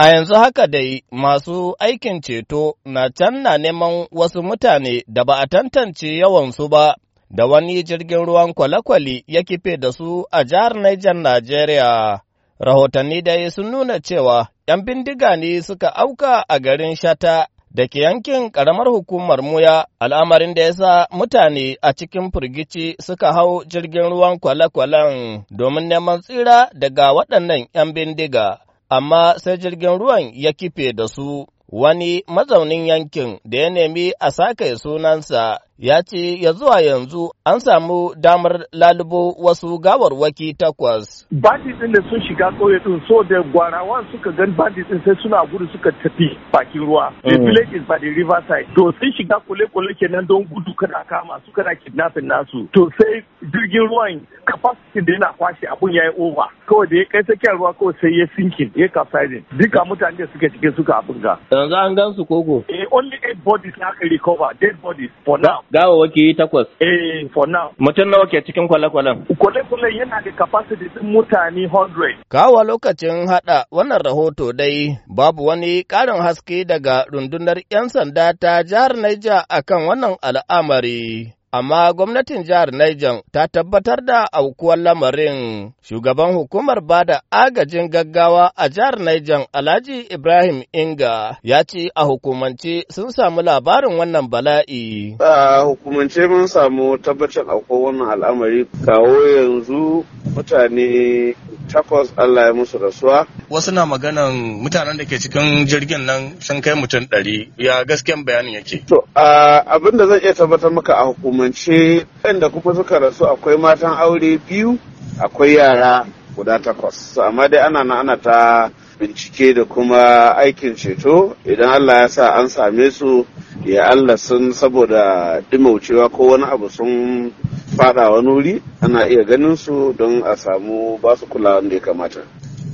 A yanzu haka dai masu aikin ceto na can na neman wasu mutane da ba a tantance yawansu ba da wani jirgin ruwan kwale-kwale ya kife da su a jihar Niger Najeriya. Rahotanni dai sun nuna cewa ‘yan bindiga ne suka auka a garin Shata da ke yankin ƙaramar hukumar Muya, al'amarin da ya sa mutane a cikin firgici suka hau jirgin ruwan kwale-kwalen domin neman tsira daga waɗannan ‘yan bindiga. amma sai jirgin ruwan ya kife da su. Wani mazaunin yankin da ya nemi a sake sunansa ya ce ya zuwa yanzu an samu damar lalubo wasu gawarwaki takwas. Bandit ɗin da sun shiga ƙauye din so da gwarawan suka gan bandit ɗin sai suna gudu suka tafi bakin ruwa. Mm. The village is by the river side. To sun shiga kule kule kenan don gudu kana kama su kana kidnapping nasu. To sai jirgin ruwan capacity da yana kwashe abun ya yi over. Kawai da ya kai tsakiyar ruwa kawai sai ya sinkin ya capsizing. Duka mutane da suke cike suka abin ga. Yanzu an gan su koko. Eh, only eight bodies na aka recover dead bodies for now. gawawaki takwas. Eh, for now. Mutum nawa ke cikin kwale-kwalen? Kwale-kwalen yana da capacity din mutane 100. Kawa lokacin hada wannan rahoto dai babu wani ƙarin haske daga rundunar 'yan sanda ta jihar Niger akan wannan al'amari. amma gwamnatin jihar Niger ta tabbatar da aukuwar lamarin. Shugaban hukumar bada agajin gaggawa a jihar Niger Alhaji Ibrahim Inga ya ce a hukumance sun samu labarin wannan bala'i. A hukumance mun samu tabbacin aukuwar wannan al'amari kawo yanzu mutane takwas Allah ya musu rasuwa. Wasu na maganan mutanen da ke cikin jirgin nan sun kai mutum ɗari ya gasken bayanin yake. To abin da zan iya tabbatar maka a hukumance inda kuma suka rasu akwai matan aure biyu akwai yara guda takwas. Amma dai ana na ana ta bincike da kuma aikin ceto idan Allah ya sa an same su ya Allah sun saboda ɗimaucewa ko wani abu sun fada wani wuri ana iya ganin su don a samu ba su kula da ya kamata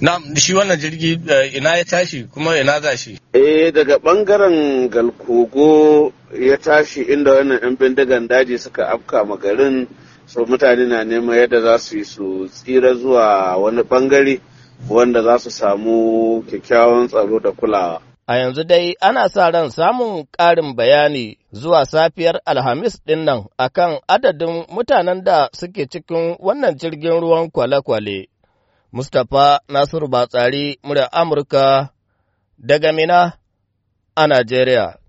na shi wannan jirgi eh, ina ya tashi kuma ina za shi eh daga bangaren galkogo ya tashi inda wannan yan bindigan daji suka afka garin so mutane na nema yadda za su yi su tsira zuwa wani bangare wanda za su samu kyakkyawan tsaro da kulawa A yanzu dai ana sa ran samun ƙarin bayani zuwa safiyar Alhamis ɗin nan kan adadin mutanen da suke cikin wannan jirgin ruwan kwale-kwale. Mustapha Nasiru Batsari, murar Amurka, daga Mina a Najeriya.